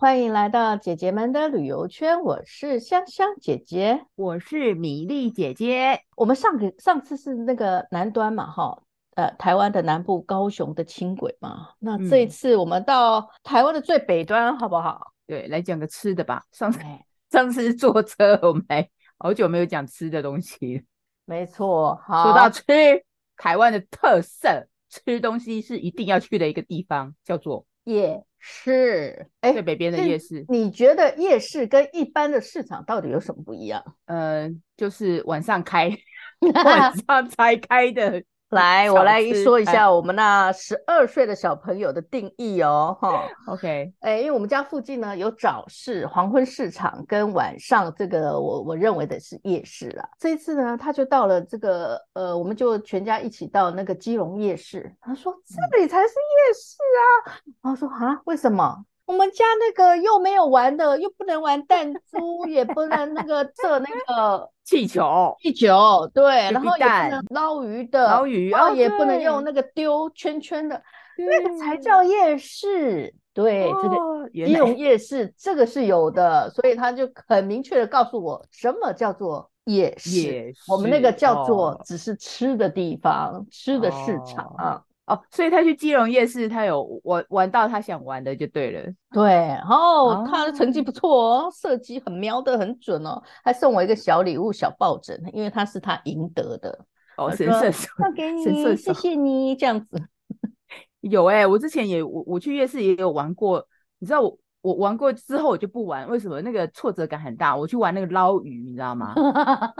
歡迎來到姐姐們的旅遊圈，我是湘湘姐姐，我是米粒姐姐。我們上個上次是那個南端嘛，哈，呃，臺灣的南部高雄的輕軌嘛。那這一次我們到臺灣的最北端，嗯、好不好？對，來講個吃的吧。上次、哎、上次是坐車，我們好久沒有講吃的東西。沒錯，好。說到吃，臺灣的特色吃東西是一定要去的一個地方，嗯、叫做。夜市，哎，最北邊的夜市，欸、你覺得夜市跟一般的市場到底有什麼不一樣？呃，就是晚上開， 晚上才開的。來，小吃，我來說一下我們那十二歲的小朋友的定義哦，哈、哎哦、OK，哎，因為我們家附近呢有早市、黃昏市場跟晚上這個，我我認為的是夜市了、啊。嗯、這一次呢，他就到了這個，呃，我們就全家一起到那個基隆夜市，他說、嗯、這裡才是夜市啊。我說，啊，為什麼？我們家那個又沒有玩的，又不能玩彈珠，也不能那個射那個氣球，氣球對，然後也不能撈魚的，撈魚，然後也不能用那個丟圈圈的，那個才叫夜市，對，這個，夜市這個是有的，所以他就很明確的告訴我什麼叫做夜市，我們那個叫做只是吃的地方，吃的市場啊。哦，所以他去基隆夜市，他有玩玩到他想玩的就對了。對，然、哦、後、哦、他的成績不錯哦，射擊很瞄得很準哦，還送我一個小禮物，小抱枕，因為他是他贏得的。哦，說神射手，送給你，神射手，謝謝你。這樣子有哎、欸，我之前也我我去夜市也有玩過，你知道我我玩過之後我就不玩，為什麼？那個挫折感很大。我去玩那個撈魚，你知道嗎？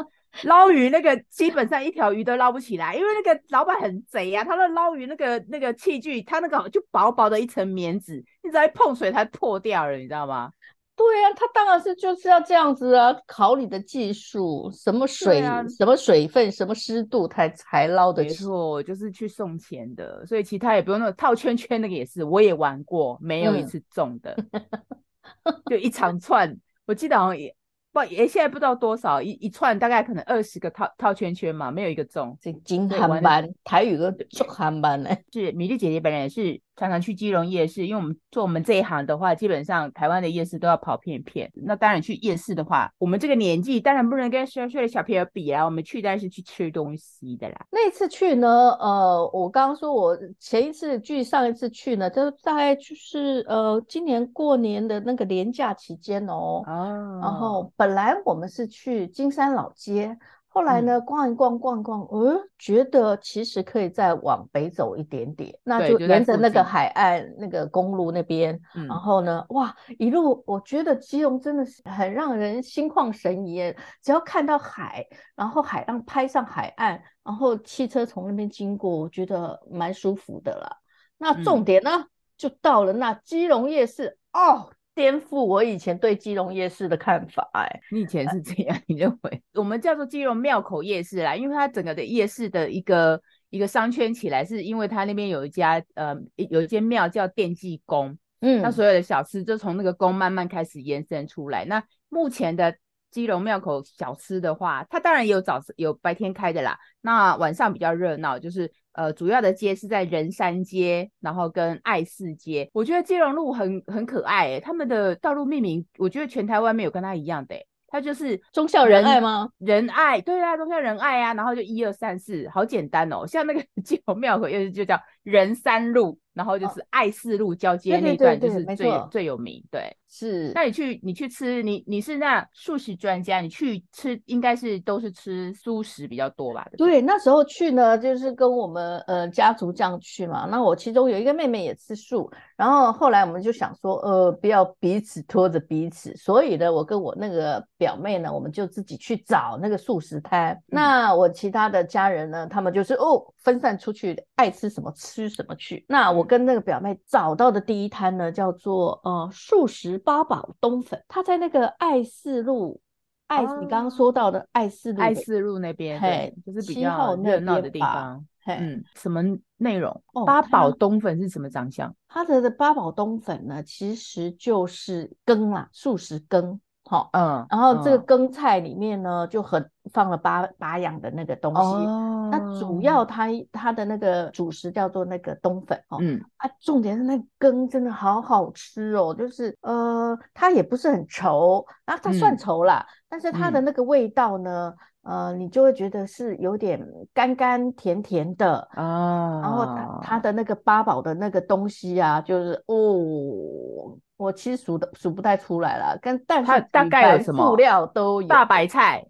撈魚那個基本上一條魚都撈不起來，因為那個老板很賊呀、啊。他的撈魚那個那個器具，他那個就薄薄的一層棉紙，你只要碰水它破掉了，你知道嗎？對啊，他當然是就是要這樣子啊，考你的技術，什麼水、啊、什麼水分、什麼濕度才才撈得起。沒錯，就是去送錢的，所以其他也不用那種套圈圈，那個也是，我也玩過，沒有一次中的，嗯、 就一長串，我記得好像也。不，也現在不知道多少，一一串大概可能二十個套套圈圈嘛，沒有一個中。這金韓班，對台語都金韓班，是米莉姐姐本人也是。常常去基隆夜市，因為我們做我們這一行的話，基本上台灣的夜市都要跑遍遍。那當然去夜市的話，我們這個年紀當然不能跟十二歲的小朋友比啊。我們去當然是去吃東西的啦。那次去呢，呃，我剛剛說我前一次去，上一次去呢，就大概就是呃，今年過年的那個連假期間哦。啊。然後本來我們是去金山老街。後來呢，逛一逛逛一逛，呃、嗯嗯、覺得其實可以再往北走一點點，對那就沿着那個海岸那個公路那邊，嗯、然後呢，哇，一路我覺得基隆真的是很讓人心曠神怡耶，只要看到海，然後海浪拍上海岸，然後汽車從那邊經過，我覺得蠻舒服的啦。那重點呢，嗯、就到了那基隆夜市哦。顛覆我以前對基隆夜市的看法。欸，哎，你以前是這樣？你認為 我們叫做基隆廟口夜市啦，因為它整個的夜市的一個一個商圈起來，是因為它那邊有一家呃，有一間廟叫奠濟宮，嗯，那所有的小吃就從那個宮慢慢開始延伸出來。那目前的基隆廟口小吃的話，它當然也有早有白天開的啦，那晚上比較熱鬧，就是。呃，主要的街是在仁三街，然後跟愛四街。我覺得基隆路很很可愛、欸，誒，他們的道路命名，我覺得全台灣沒有跟他一樣的、欸。他就是忠孝仁愛嗎？仁愛，對啊，忠孝仁愛啊，然後就一二三四，好簡單哦、喔。像那個基隆廟口，又是就叫仁三路，然後就是愛四路交接那段，就是最、哦、對對對對最有名，對。是，那你去你去吃，你你是那素食專家，你去吃應該是都是吃素食比較多吧？對吧？對，那時候去呢，就是跟我們呃家族這樣去嘛。那我其中有一個妹妹也吃素，然後後來我們就想說，呃，不要彼此拖着彼此，所以呢，我跟我那個表妹呢，我們就自己去找那個素食攤。嗯、那我其他的家人呢，他們就是哦分散出去，愛吃什麼吃什麼去。那我跟那個表妹找到的第一攤呢，叫做呃素食。八寶冬粉，他在那個愛四路，啊、愛，你剛剛說到的愛四路，愛四路那邊，嘿對，就是比較熱鬧的地方。嗯，什麼內容？哦、八寶冬粉是什麼長相？他的八寶冬粉呢，其實就是羹啦，素食羹。好，哦、嗯，然後這個羹菜裡面呢，嗯、就很放了八八樣的那個東西。哦，那主要它它的那個主食叫做那個冬粉，哦。嗯，啊，重點是那個羹真的好好吃哦，就是呃，它也不是很稠，啊，它算稠啦，嗯、但是它的那個味道呢，嗯、呃，你就會覺得是有點甘甘甜甜的啊，哦、然後它它的那個八寶的那個東西呀、啊，就是哦。我其實數的數不太出來了，跟但是大概有什麼？素料都有。大白菜，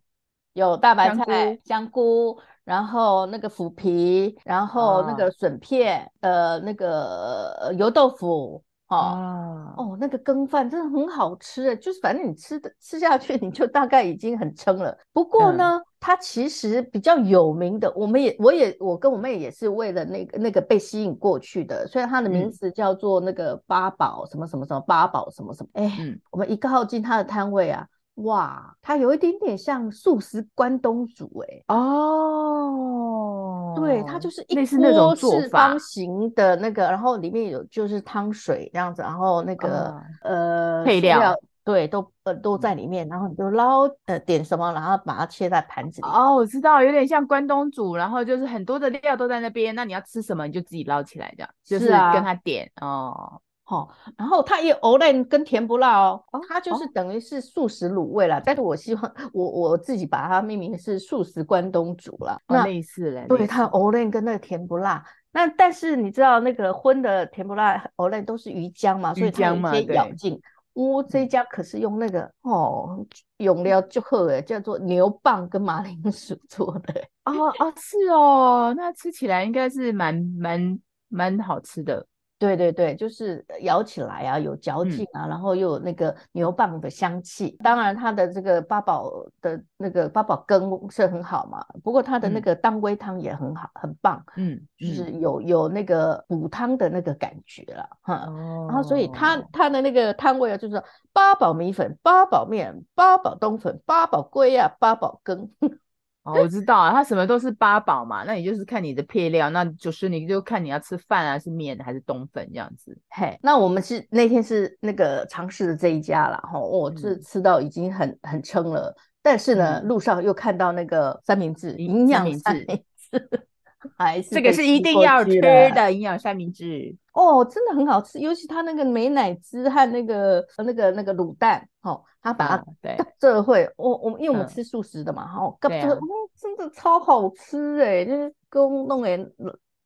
有大白菜，香菇，香菇，然後那個腐皮，然後那個筍片，哦、呃，那個油豆腐。哦、啊、哦，那個羹飯真的很好吃欸，就是反正你吃的吃下去，你就大概已經很撐了。不過呢，嗯、它其實比較有名的，我們也我也我跟我妹也是為了那個那個被吸引過去的。雖然它的名字叫做那個八寶、嗯、什麼什麼什麼八寶什麼什麼，哎、欸、嗯、我們一靠近它的攤位啊。哇，它有一點點像素食關東煮哎、欸、哦，對，它就是一鍋四方形的那個，然後裡面有就是湯水這樣子，然後那個、哦、呃配料，料對都呃都在裡面，然後你就撈、呃、點什麼，然後把它切在盤子裡。哦，我知道，有點像關東煮，然後就是很多的料都在那邊。那你要吃什麼，你就自己撈起來，這樣就是跟他點、啊、哦。哦，然後它也黑輪跟甜不辣哦，哦，它就是等於是素食滷味啦。哦、但是我希望我我自己把它命名是素食關東煮啦、哦、那了，那對類似嘞。對，它黑輪跟那個甜不辣，那但是你知道那個葷的甜不辣黑輪都是魚漿嘛，魚漿嘛，所以它可以咬勁。我對、哦、這家可是用那個哦，用料就好哎，叫做牛蒡跟馬鈴薯做的、哦、啊啊是哦，那吃起來應該是蠻蠻蠻，蠻好吃的。對對對，就是咬起來啊有嚼勁啊，嗯、然後又有那個牛蒡的香氣。當然，它的這個八寶的那個八寶羹是很好嘛。不過，它的那個當歸湯也很好，嗯、很棒。嗯，就是有有那個補湯的那個感覺了哈。嗯嗯、然後，所以它它的那個湯味啊，就是八寶米粉、八寶麵、八寶冬粉、八寶粿啊、八寶羹。 哦，我知道啊，他什麼都是八寶嘛，那也就是看你的配料，那就是你就看你要吃飯啊，是麵還是冬粉這樣子。嘿，那我們是那天是那個嘗試的這一家啦，哈、哦，我、哦、是、嗯、吃到已經很很撐了，但是呢，嗯、路上又看到那個三明治，營養三明治 還是這個是一定要吃的、啊、營養三明治哦，真的很好吃，尤其它那個美乃滋和那個那個那個滷蛋，好、哦，他把它、嗯、對，這會我我因為我們吃素食的嘛，好，真的超好吃哎，就是夠弄哎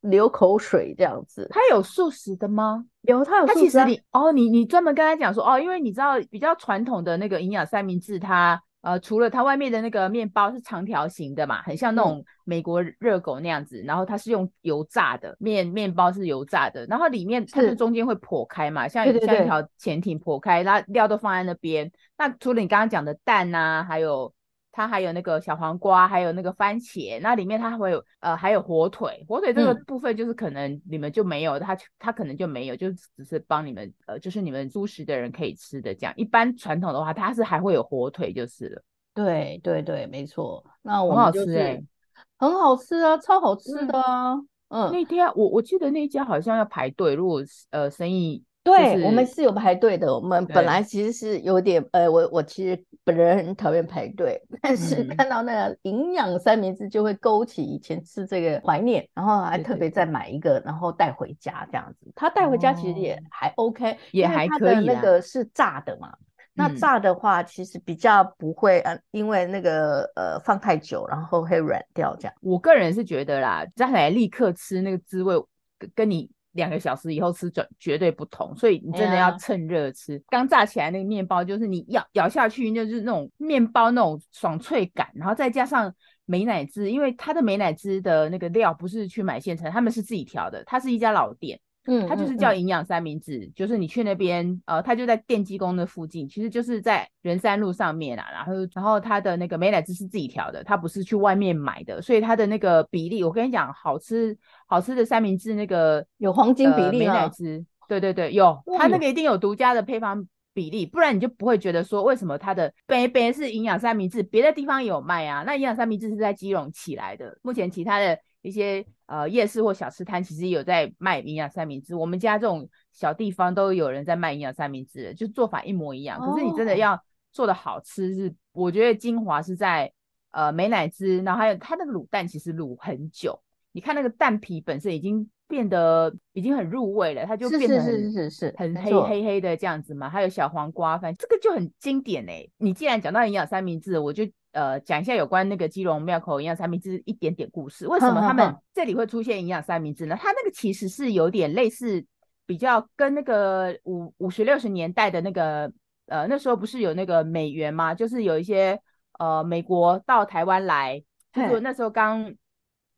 流口水這樣子。它有素食的嗎？有，它有素食。它其實你、啊、哦，你你專門跟他講說哦，因為你知道比較傳統的那個營養三明治，它。呃，除了它外面的那個麵包是長條形的嘛，很像那種美國熱狗那樣子，嗯，然後它是用油炸的，麵，麵包是油炸的，然後裡面它是中間會剖開嘛，是像對對對，像一條潛艇剖開，然後料都放在那邊。那除了你剛剛講的蛋啊，還有。它還有那個小黃瓜，還有那個番茄，那裡面它會有呃，還有火腿。火腿這個部分就是可能你們就沒有，嗯、它它可能就沒有，就只是幫你們呃，就是你們素食的人可以吃的這樣。一般傳統的話，它是還會有火腿就是了。對對對，沒錯。那我們、就是、很好吃、欸、很好吃啊，超好吃的啊。嗯，嗯那天、啊、我我記得那一家好像要排隊，如果呃生意。對、就是、我們是有排隊的。我們本來其實是有點對呃，我我其實本人很討厭排隊，但是看到那個營養三明治就會勾起以前吃這個懷念，然後還特別再買一個，就是、然後帶回家這樣子。他帶回家其實也還 OK，也還可以。因為他的那個是炸的嘛？啊、那炸的話其實比較不會，嗯、呃，因為那個呃放太久然後會軟掉。這樣，我個人是覺得啦，炸起來立刻吃那個滋味，跟你。兩個小時以後吃準，絕絕對不同。所以你真的要趁熱吃，剛 Yeah. 炸起來那個麵包，就是你咬咬下去，就是那種麵包那種爽脆感，然後再加上美乃滋，因為它的美乃滋的那個料不是去買現成，他們是自己調的，它是一家老店。嗯，它就是叫營養三明治，嗯嗯嗯，就是你去那邊，呃，它就在奠濟宮的附近，其實就是在仁三路上面啦、啊。然後，然後它的那個美乃滋是自己調的，它不是去外面買的，所以它的那個比例，我跟你講，好吃好吃的三明治那個有黃金比例美乃滋，對對對，有，它那個一定有獨家的配方比例，嗯、不然你就不會覺得說為什麼它的杯杯是營養三明治，別的地方有賣啊。那營養三明治是在基隆起來的，目前其他的。一些呃夜市或小吃攤其實有在賣營養三明治，我們家這種小地方都有人在賣營養三明治，就做法一模一樣。可是你真的要做的好吃是，是、oh. 我覺得精華是在呃美乃滋，然後還有它那個滷蛋其實滷很久，你看那個蛋皮本身已經變得已經很入味了，它就變得是是是，是，是很黑黑黑的這樣子嘛。沒錯。還有小黃瓜，反正這個就很經典哎、欸。你既然講到營養三明治，我就。呃，講一下有關那個基隆廟口營養三明治一點點故事。為什麼他們這裡會出現營養三明治呢？呵呵呵，它那個其實是有點類似，比較跟那個五五十六十年代的那個，呃，那時候不是有那個美元嗎？就是有一些呃美國到台灣來，就是那時候剛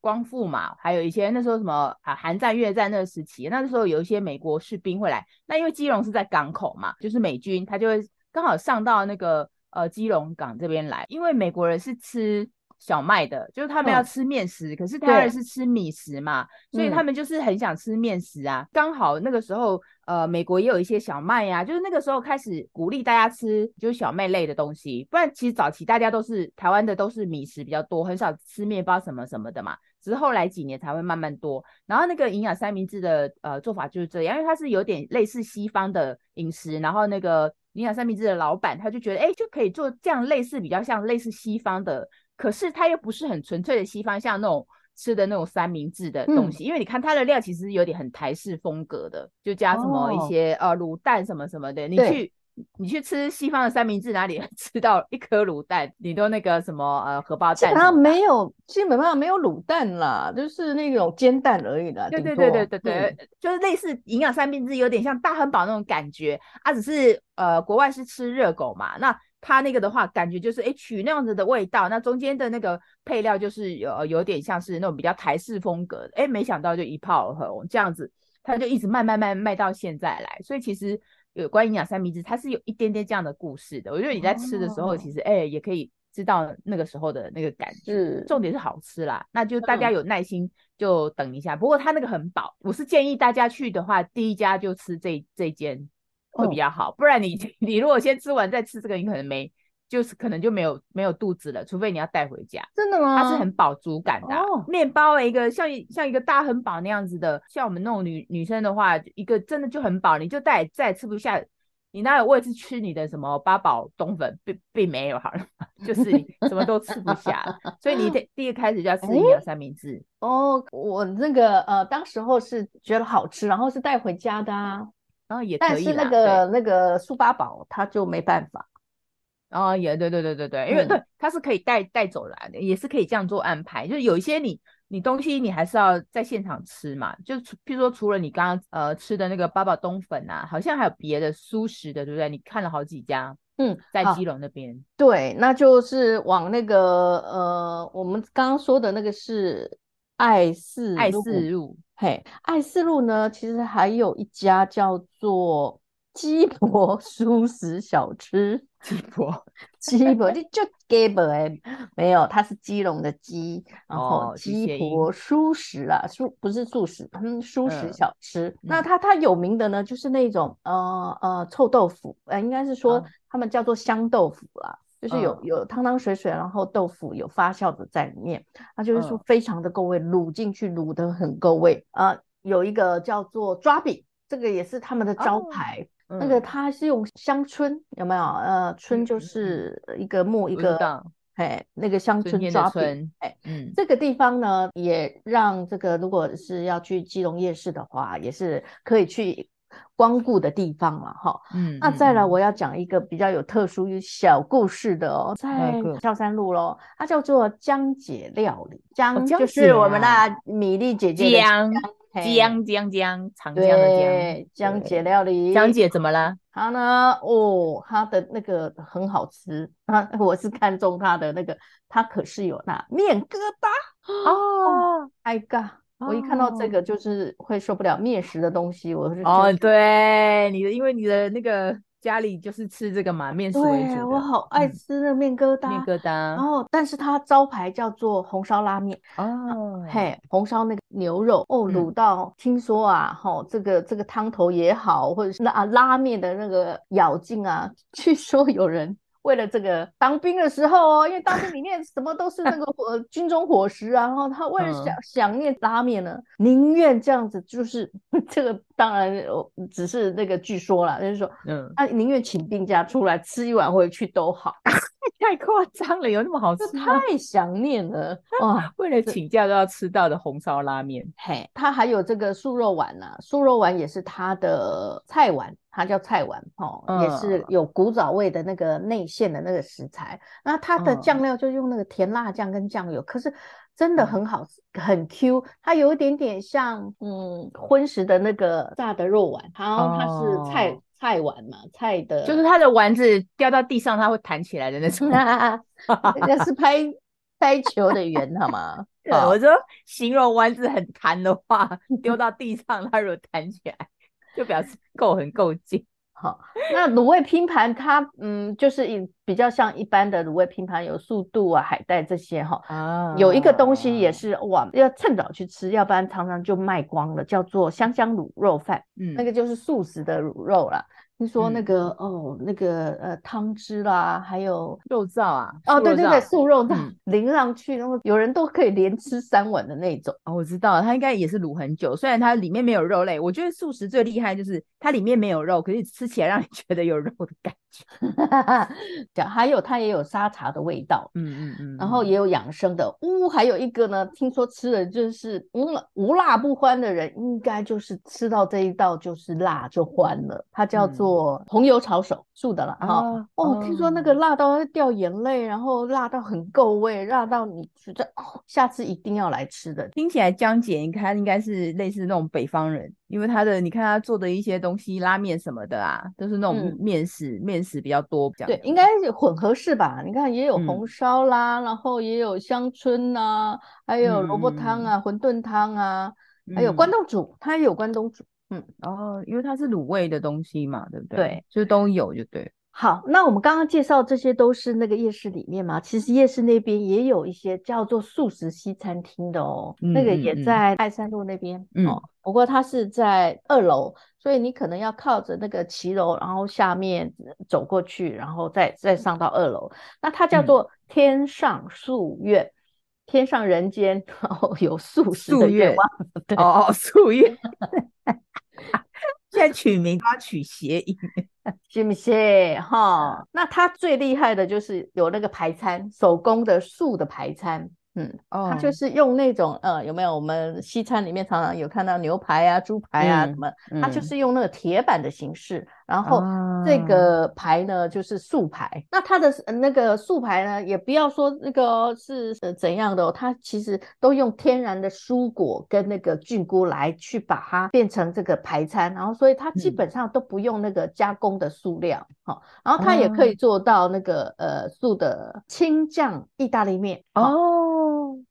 光復嘛，嘿還有一些那時候什麼啊，韓戰、越戰那個時期，那時候有一些美國士兵會來。那因為基隆是在港口嘛，就是美軍他就會剛好上到那個。呃，基隆港這邊來，因為美國人是吃小麥的，就是他們要吃麵食，嗯、可是台灣人是吃米食嘛，對所以他們就是很想吃麵食啊。剛、嗯、好那個時候，呃，美國也有一些小麥呀，啊，就是那個時候開始鼓勵大家吃，就是小麥類的東西。不然其實早期大家都是台灣的都是米食比較多，很少吃麵包什麼什麼的嘛。只是後來幾年才會慢慢多。然後那個營養三明治的呃做法就是這樣，因為它是有點類似西方的飲食，然後那個。營養三明治的老闆，他就覺得，哎、欸，就可以做這樣類似、比較像類似西方的，可是他又不是很純粹的西方，像那種吃的那種三明治的東西，嗯、因為你看它的料其實有點很台式風格的，就加什麼一些、哦、呃滷蛋什麼什麼的，你去。你去吃西方的三明治，哪裡吃到一顆滷蛋？你都那個什麼呃荷包蛋？基本上沒有，基本上沒有滷蛋了，就是那種煎蛋而已的。對對對對對對，嗯、就是類似營養三明治，有點像大亨堡那種感覺啊。只是呃，國外是吃熱狗嘛，那他那個的話，感覺就是哎、欸、取那樣子的味道，那中間的那個配料就是有有點像是那種比較台式風格的。哎、欸，沒想到就一炮而紅這樣子，他就一直慢慢賣賣到現在來，所以其實。有關營養三明治，它是有一點點這樣的故事的。我覺得你在吃的時候，Oh. 其實哎，也可以知道那個時候的那個感覺。是重點是好吃啦，那就大家有耐心就等一下。嗯、不過它那個很飽，我是建議大家去的話，第一家就吃這這間會比較好，Oh. 不然你你如果先吃完再吃這個，你可能沒。就是可能就沒有沒有肚子了，除非你要帶回家，真的嗎？它是很飽足感的、oh. 麵包，一個像像一個大漢堡那樣子的，像我們那種女女生的話，一個真的就很飽，你就再再也吃不下，你哪有位置吃你的什麼八寶冬粉，並並沒有好了，就是你什麼都吃不下 所以你得第，第一開始就要吃一個三明治哦。欸次 oh, 我那個呃，當時候是覺得好吃，然後是帶回家的啊，然後、嗯、也可以，但是那個對那個素八寶他就沒辦法。哦，也對、oh yeah, 對對對對，因為對、嗯、它是可以帶帶走來的，也是可以這樣做安排。就是有一些你你東西你還是要在現場吃嘛，就除，比如說除了你剛剛呃吃的那個八寶冬粉啊，好像還有別的素食的，對不對？你看了好幾家，嗯，在基隆那邊，對，那就是往那個呃，我們剛剛說的那個是愛四愛四路，嗯、嘿，愛四路呢，其實還有一家叫做。雞婆蔬食小吃，雞婆雞婆你就 Gabber 哎，沒有，它是雞籠的雞，然後雞婆蔬食啦，蔬不是素食，嗯，蔬食小吃。那它它有名的呢，就是那種呃呃臭豆腐，呃，應該是說他們叫做香豆腐啦，就是有有湯湯水水，然後豆腐有發酵的在裡面，它就是說非常的夠味，滷進去滷得很夠味。呃，有一個叫做抓餅，這個也是他們的招牌。那個它是用鄉村、嗯、有沒有？呃，村就是一個木、嗯、一個，哎、嗯，那個鄉村抓的村，嘿嗯，這個地方呢，也讓這個如果是要去基隆夜市的話，也是可以去光顧的地方了哈。嗯、那再來我要講一個比較有特殊小故事的哦，嗯、在孝山路嘍，它叫做江姐料理，江、哦江姐啊、就是我們的米粒姐姐江。嗯姜姜姜，hey, 長江的江，對姜姐料理。對姜姐怎麼了？她呢？哦，她的那個很好吃啊！我是看中她的那個，她可是有那麵疙瘩哦。哎呀、oh, my 哦，我一看到這個就是會受不了麵食的東西，哦、我是。哦，對，你的，因為你的那個。家裡就是吃這個嘛，麵食為主。對，我好愛吃那面疙瘩。嗯、面疙瘩。然後、哦，但是它招牌叫做紅燒拉面哦。嘿，紅燒那個牛肉哦，滷到、嗯、聽說啊，吼、哦，這個這個湯頭也好，或者是啊拉,拉面的那個咬勁啊，據說有人。為了這個當兵的時候哦，因為當兵裡面什麼都是那個火、 啊、軍中伙食啊，然後他為了想、嗯、想念拉麵呢，寧願這樣子，就是這個當然只是那個據說啦，就是說，嗯，他、啊、寧願請病假出來吃一碗回去都好， 太誇張了，有那麼好吃？太想念了哇！為了請假都要吃到的紅燒拉麵，啊、嘿，他還有這個素肉丸吶、啊，素肉丸也是他的菜丸。它叫菜丸，哈，也是有古早味的那個內餡的那個食材。那它的醬料就用那個甜辣醬跟醬油，可是真的很好吃，很 Q。它有一點點像，嗯，葷食的那個炸的肉丸。然後它是菜菜丸嘛，菜的，就是它的丸子掉到地上它會彈起來的那種。那是拍拍球的圓，好嗎？對，我說形容丸子很彈的話，丟到地上它如果彈起來。就表示夠很夠勁， 好，那滷味拼盤它嗯，就是比較像一般的滷味拼盤，有素肚啊、海帶這些哈，啊、哦，有一個東西也是哇，要趁早去吃，要不然常常就賣光了，叫做香香滷肉飯，嗯、那個就是素食的滷肉了。聽說那個、嗯、哦，那個呃湯汁啦，還有肉燥啊，哦，哦對對對，素肉燥、嗯、淋上去，然後有人都可以連吃三碗的那種。哦，我知道了，它應該也是滷很久，雖然它裡面沒有肉類。我覺得素食最厲害就是它裡面沒有肉，可是吃起來讓你覺得有肉的感覺。講 還有它也有沙茶的味道，嗯嗯嗯，嗯嗯然後也有養生的。嗚、哦，還有一個呢，聽說吃了就是無、嗯、無辣不歡的人，應該就是吃到這一道就是辣就歡了。它叫做、嗯。做紅油抄手，素的了哈。啊、哦，聽說那個辣到會掉眼淚，嗯、然後辣到很夠味，辣到你覺得、哦、下次一定要來吃的。聽起來江姐，你看應該是類似那種北方人，因為他的你看他做的一些東西，拉麵什麼的啊，都、就是那種麵食，嗯、麵食比較多。比較。對，應該是混合式吧。嗯、你看也有紅燒啦，然後也有香椿吶，還有蘿蔔湯啊，餛飩湯啊，嗯、還有關東煮，他也有關東煮。嗯，然後、哦、因為它是滷味的東西嘛，對不對？對，就都有，就對。好，那我們剛剛介紹這些都是那個夜市裡面嘛，其實夜市那邊也有一些叫做素食西餐廳的哦，嗯、那個也在愛山路那邊、嗯、哦，嗯、不過它是在二樓，所以你可能要靠着那個騎樓，然後下面走過去，然後再再上到二樓。那它叫做天上素月。嗯天上人間，哦，有素食的願望，月對哦，素月。 現在取名，他取諧音，是不是？哈、哦，那他最厲害的就是有那個排餐，手工的素的排餐，嗯，哦、他就是用那種，呃、嗯，有沒有？我們西餐裡面常常有看到牛排啊、豬排啊什麼，嗯嗯、他就是用那個鐵板的形式。然後這個排呢、啊、就是素排，那它的、呃、那個素排呢也不要說那個、哦、是、呃、怎樣的、哦，它其實都用天然的蔬果跟那個菌菇來去把它變成這個排餐，然後所以它基本上都不用那個加工的素料，好、嗯哦，然後它也可以做到那個呃素的青醬意大利麵哦。哦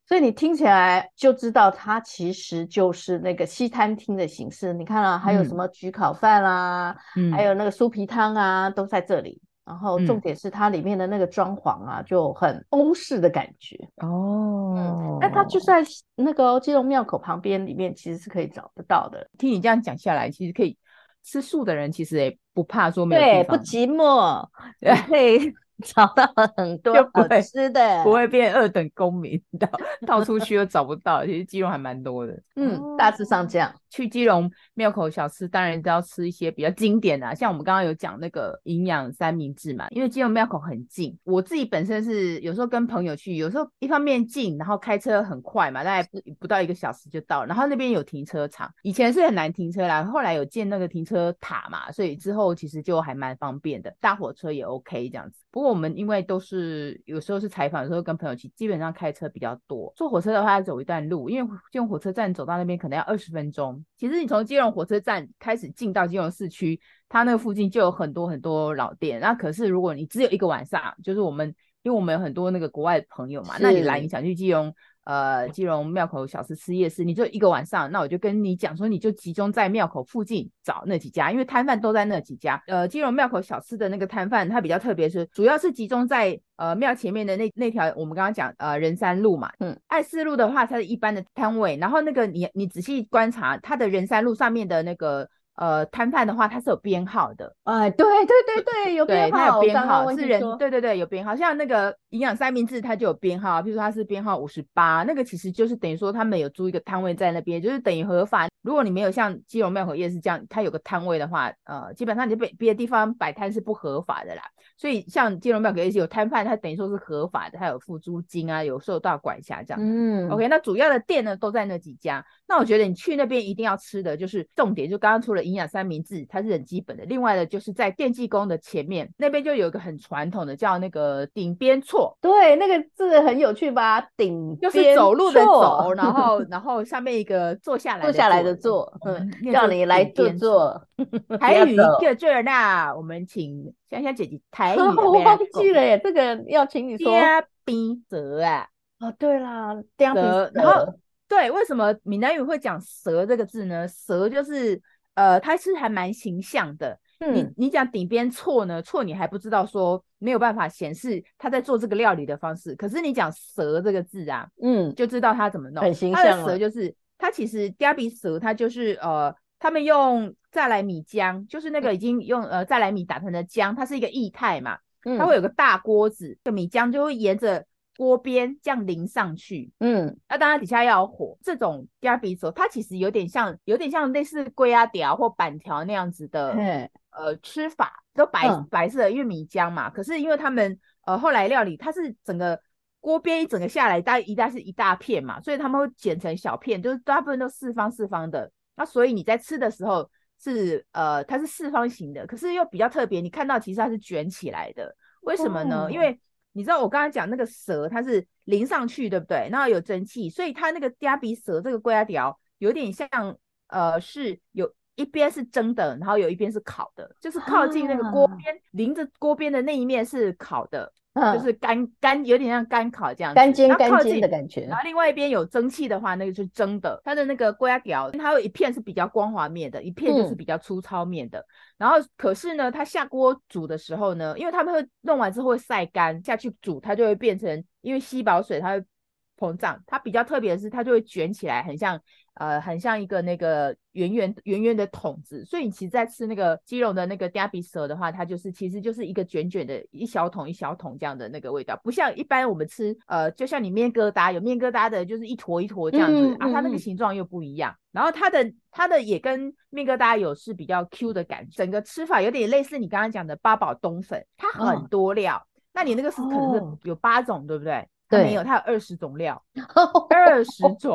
所以你聽起來就知道，它其實就是那個西餐廳的形式。你看啊，還有什麼焗烤飯啊，嗯、還有那個酥皮湯啊，都在這裡。嗯、然後重點是它裡面的那個裝潢啊，就很歐式的感覺哦。那、嗯、它就在那個基隆廟口旁邊，裡面其實是可以找得到的。聽你這樣講下來，其實可以吃素的人其實也不怕說沒有，對，不寂寞。對對找到了很多，不會吃的，不會變二等公民，到到處去都找不到， 其實肌肉還蠻多的，嗯，大致上這樣。去基隆廟口小吃，當然都要吃一些比較經典的、啊，像我們剛剛有講那個營養三明治嘛。因為基隆廟口很近，我自己本身是有時候跟朋友去，有時候一方面近，然後開車很快嘛，大概不不到一個小時就到。然後那邊有停車場，以前是很難停車啦，後來有建那個停車塔嘛，所以之後其實就還蠻方便的。搭火車也 OK 這樣子，不過我們因為都是有時候是採訪的時候跟朋友去，基本上開車比較多。坐火車的話要走一段路，因為進火車站走到那邊可能要二十分鐘。其實你從基隆火車站開始進到基隆市區，它那個附近就有很多很多老店。那可是如果你只有一個晚上，就是我們，因為我們有很多那個國外朋友嘛，是那你來你想去基隆。呃，基隆廟口小吃、吃夜市，你就一個晚上，那我就跟你講說，你就集中在廟口附近找那幾家，因為攤販都在那幾家。呃，基隆廟口小吃的那個攤販，它比較特別是，主要是集中在呃廟前面的那那條我們剛剛講呃仁三路嘛，嗯，愛四路的話，它是一般的攤位。然後那個你你仔細觀察，它的仁三路上面的那個。呃，攤販的話，它是有編號的。呃，對對對對，有編號，它有編號剛剛是人，對對對，有編號。像那個營養三明治，它就有編號，比如說它是編號五十八，那個其實就是等於說他們有租一個攤位在那邊，就是等於合法。如果你沒有像基隆廟口夜市這樣，它有個攤位的話，呃，基本上你在別的地方擺攤是不合法的啦。所以像基隆廟口夜市有攤販，它等於說是合法的，它有付租金啊，有受到管轄這樣。嗯，OK，那主要的店呢，都在那幾家。那我覺得你去那邊一定要吃的就是重點，就剛剛除了營養三明治，它是很基本的。另外的就是在奠濟宮的前面那邊就有一個很傳統的叫那個鼎邊趖，對，那個字很有趣吧？鼎邊趖，就是走路的走，嗯、然後然後上面一個坐下來坐下來的。做，嗯，叫、嗯、你來做、嗯、你來做。 走台語一個字呢，我們請湘湘姐姐台語。 我忘記了耶， 這個要請你說。趖啊，哦，對啦，趖。然後，對，為什麼閩南語會講趖這個字呢？趖就是，呃，它是還蠻形象的。嗯、你你講鼎邊錯呢？錯，你還不知道說沒有辦法顯示他在做這個料理的方式。可是你講趖這個字啊，嗯，就知道它怎麼弄，很形象。趖就是。它其實鼎邊趖，它就是呃，他們用在來米漿，就是那個已經用、嗯、呃在來米打成的漿，它是一個液態嘛，它會有個大鍋子，嗯、這個米漿就會沿着鍋邊這樣淋上去。嗯，那當然底下要有火。這種鼎邊趖，它其實有點像，有點像類似粿仔條或板條那樣子的，嗯、呃，吃法都白白色的玉米漿嘛。嗯、可是因為他們呃後來料理，它是整個。鍋邊一整個下來，大概一大是一,一大片嘛，所以它們會剪成小片，就是大部分都四方四方的。那所以你在吃的時候是呃，它是四方形的，可是又比較特別。你看到其實它是卷起來的，為什麼呢？哦、因為你知道我剛才講那個趖，它是淋上去，對不對？然後有蒸汽，所以它那個鼎邊趖這個粿仔條有點像呃，是有一邊是蒸的，然後有一邊是烤的，就是靠近那個鍋邊、嗯、淋着鍋邊的那一面是烤的。嗯、就是乾乾有點像乾烤這樣，乾煎乾煎的感覺。然後另外一邊有蒸汽的話，那個是蒸的。它的那個鍋壓瓢，它有一片是比較光滑面的，一片就是比較粗糙面的。嗯、然後可是呢，它下鍋煮的時候呢，因為它們會弄完之後會曬乾下去煮，它就會變成，因為吸飽水，它會膨脹。它比較特別的是，它就會捲起來，很像。呃，很像一個那個圓圓圓圓的筒子，所以你其實在吃那個基隆的那個鼎邊趖的話，它就是其實就是一個捲捲的一小桶一小桶這樣的那個味道，不像一般我們吃，呃，就像你麵疙瘩有麵疙瘩的，就是一坨一坨這樣子，嗯就是，啊，嗯、它那個形狀又不一樣，嗯、然後它的它的也跟麵疙瘩有是比較 Q 的感覺，整個吃法有點類似你剛剛講的八寶冬粉，它很多料，嗯、那你那個是可能是有八種，哦、對不對？沒有，它有二十種料，二十對種，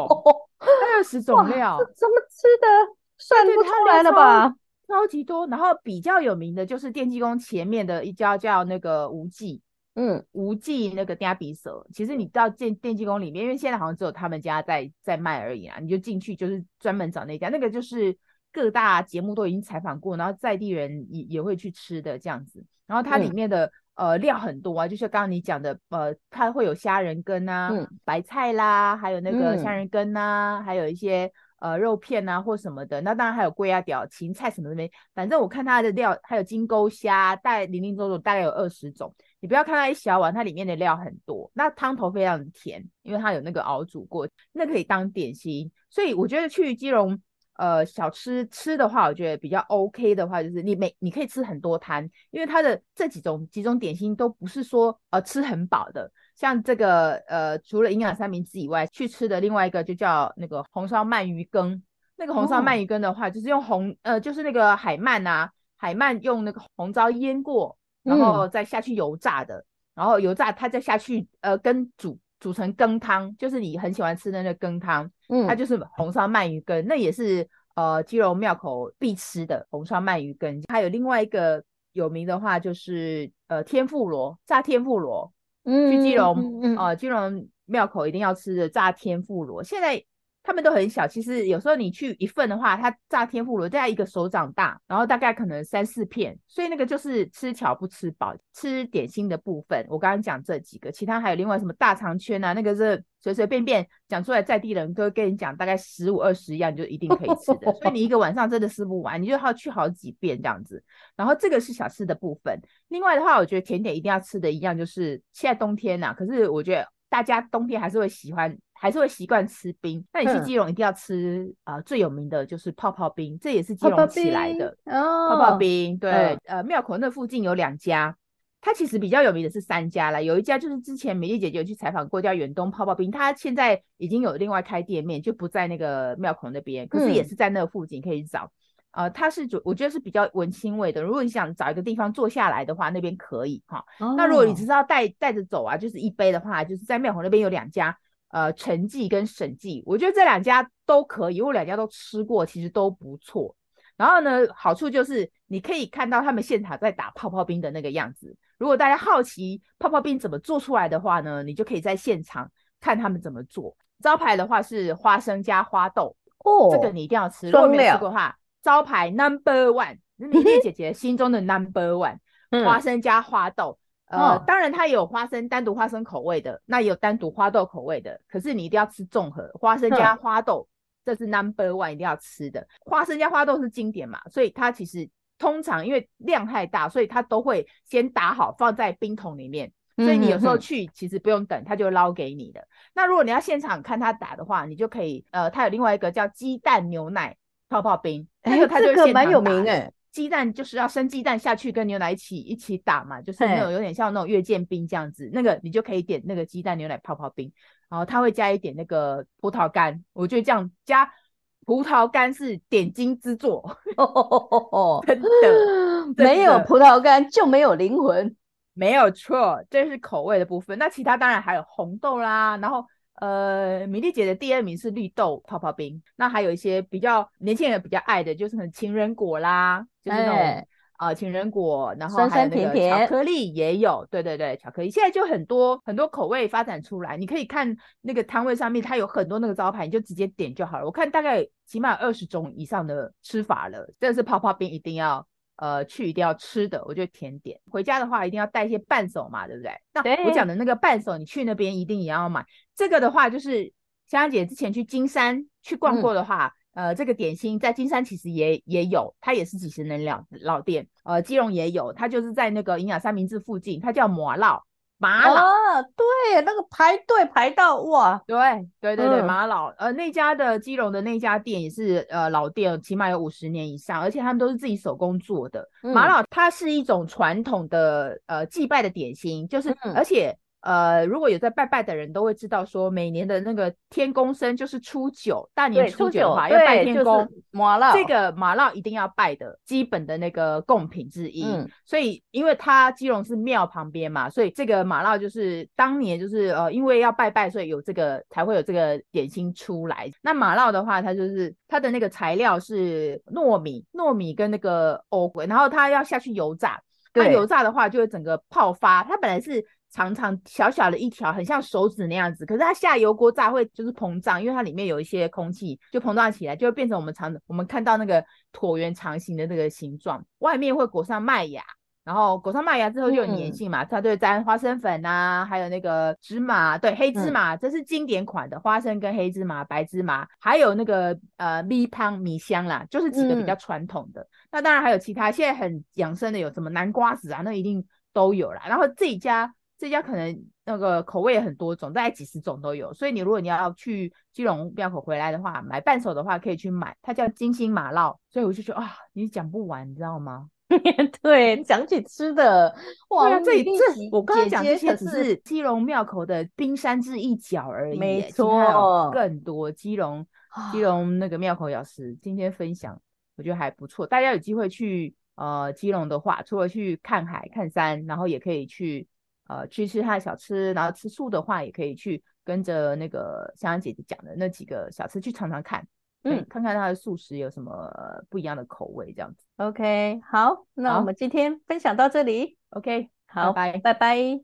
二十 哇種料，怎麼吃的？算不出來了吧，超超級多，然後比較有名的就是奠濟宮前面的一家叫那個吳記，嗯，吳記那個鼎邊趖，其實你到奠、奠濟宮裡面，因為現在好像只有他們家在在賣而已啊，你就進去就是專門找那家，那個就是各大節目都已經採訪過，然後在地人也也會去吃的這樣子，然後它裡面的、嗯。呃，料很多啊，就像剛剛你講的，呃，它會有蝦仁羹啊，嗯、白菜啦，還有那個蝦仁羹啊，嗯、還有一些呃肉片吶、啊、或什麼的，那當然還有龜啊、雕、芹菜什麼的。反正我看它的料還有金鈎蝦，帶零零總總大概有二十種。你不要看它一小碗，它裡面的料很多，那湯頭非常的甜，因為它有那個熬煮過，那可以當點心。所以我覺得去基隆。呃，小吃吃的話，我覺得比較 OK 的話，就是你每你可以吃很多攤，因為它的這幾種幾種點心都不是說呃吃很飽的。像這個呃，除了營養三明治以外，去吃的另外一個就叫那個紅燒鰻魚羹。那個紅燒鰻魚羹的話，就是用紅、哦、呃，就是那個海鰻啊，海鰻用那個紅糟醃過，然後再下去油炸的，嗯、然後油炸它再下去呃跟煮。煮成羹湯，就是你很喜歡吃的那羹湯，它就是紅燒鰻魚羹，嗯、那也是呃，基隆廟口必吃的紅燒鰻魚羹。還有另外一個有名的話，就是呃，天婦羅，炸天婦羅，嗯，嗯，嗯，嗯，去基隆，呃，基隆廟口一定要吃的炸天婦羅，現在。他們都很小，其實有時候你去一份的話，它炸天婦羅在一個手掌大，然後大概可能三四片，所以那個就是吃巧不吃飽，吃點心的部分。我剛剛講這幾個，其他還有另外什麼大腸圈啊，那個是隨隨便便講出來，在地人都跟你講，大概十五二十一樣你就一定可以吃的，所以你一個晚上真的吃不完，你就要去好幾遍這樣子。然後這個是小吃的部分，另外的話，我覺得甜點一定要吃的一樣就是現在冬天吶、啊，可是我覺得大家冬天還是會喜歡。還是會習慣吃冰。那你去基隆一定要吃啊、嗯呃，最有名的就是泡泡冰，這也是基隆起來的。哦，泡泡，泡泡冰，對，嗯、呃，廟口那附近有兩家，它其實比較有名的是三家啦。有一家就是之前美麗姐姐有去採訪過，叫遠東泡泡冰，它現在已經有另外開店面，就不在那個廟口那邊，可是也是在那個附近可以找。嗯、呃，它是我覺得是比較文青味的。如果你想找一個地方坐下來的話，那邊可以哈。哦、那如果你只是要帶帶着走啊，就是一杯的話，就是在廟口那邊有兩家。呃，陳記跟沈記，我覺得這兩家都可以，我兩家都吃過，其實都不錯。然後呢，好處就是你可以看到他們現場在打泡泡冰的那個樣子。如果大家好奇泡泡冰怎麼做出來的話呢，你就可以在現場看他們怎麼做。招牌的話是花生加花豆哦，oh, 這個你一定要吃，了如果沒有吃過的話，招牌 number one，米粒姐姐心中的 number one， 花生加花豆。呃，oh. 當然它，也有花生單獨，花生口味的，那也有單獨花豆口味的。可是你一定要吃綜合花生加花豆，oh. 這是 number one 一定要吃的。花生加花豆是經典嘛？所以它其實通常因為量太大，所以它都會先打好放在冰桶裡面。所以你有時候去、嗯、哼哼其實不用等，它就撈給你的。那如果你要現場看它打的話，你就可以呃，它有另外一個叫雞蛋牛奶泡泡冰，欸、那個它這個蠻有名誒、欸雞蛋就是要生雞蛋下去跟牛奶一起一起打嘛，就是那種有點像那種月見冰這樣子，嘿那個你就可以點那個雞蛋牛奶泡泡冰，然後它會加一點那個葡萄乾，我覺得這樣加葡萄乾是點睛之作， 真的，真的，沒有葡萄乾就沒有靈魂，沒有錯，這是口味的部分。那其他當然還有紅豆啦，然後。呃，米粒姐的第二名是綠豆泡泡冰，那還有一些比較年輕人比較愛的，就是很情人果啦，就是那種啊對、呃、情人果，然後酸酸甜甜，巧克力也有，對對對，巧克力現在就很多很多口味發展出來，你可以看那個攤位上面，它有很多那個招牌，你就直接點就好了。我看大概起碼二十種以上的吃法了，但是泡泡冰一定要。呃，去一定要吃的，我就甜點。回家的話，一定要帶一些伴手嘛，對不對？對。那我講的那個伴手，你去那邊一定也要買。這個的話，就是湘湘姐之前去金山去逛過的話，嗯、呃，這個點心在金山其實也也有，它也是幾十年老老店。呃，基隆也有，它就是在那個營養三明治附近，它叫摩烙。麻粩，哦，對，那個排隊排到哇，對，對對對，麻、嗯、粩，呃，那家的基隆的那家店也是，呃，老店，起碼有五十年以上，而且他們都是自己手工做的。麻、嗯、粩它是一種傳統的，呃，祭拜的點心，就是，嗯、而且。呃，如果有在拜拜的人，都會知道說每年的那個天公生就是初九，大年初九嘛，對要拜天公。就是，這個麻粩一定要拜的基本的那個貢品之一。嗯、所以因為它基隆是廟旁邊嘛，所以這個麻粩就是當年就是呃，因為要拜拜，所以有這個才會有這個點心出來。那麻粩的話，它就是它的那個材料是糯米，糯米跟那個歐龜，然後它要下去油炸。對它油炸的話，就會整個泡發。它本來是。長長小小的一條，很像手指那樣子。可是它下油鍋炸會就是膨脹，因為它裡面有一些空氣，就膨脹起來，就會變成我們腸子。我們看到那個橢圓長形的那個形狀，外面會裹上麥芽，然後裹上麥芽之後就有粘性嘛，嗯、它就會沾花生粉啊，還有那個芝麻，對，黑芝麻，嗯、這是經典款的花生跟黑芝麻、白芝麻，還有那個呃蜜湯米，米香啦，就是幾個比較傳統的。嗯、那當然還有其他，現在很養生的有什麼南瓜籽啊，那一定都有啦。然後這一家。這家可能那個口味也很多種，大概幾十種都有。所以你如果你要去基隆廟口，回來的話，買伴手的話可以去買，它叫金星麻粩。所以我就覺得啊，你講不完，你知道嗎？ 對，講起吃的，哇、啊，這裡這姐姐我剛剛講這些只是基隆廟口的冰山之一角而已，沒錯。更多基隆、哦、基隆那個廟口小吃，今天分享我覺得還不錯。大家有機會去呃基隆的話，除了去看海、看山，然後也可以去。呃，去吃他的小吃，然後吃素的話，也可以去跟着那個湘湘姐姐講的那幾個小吃去嘗嘗看，嗯，看看他的素食有什麼不一樣的口味，這樣子。OK，好，那我們今天分享到這裡。OK，好，好拜拜，拜拜。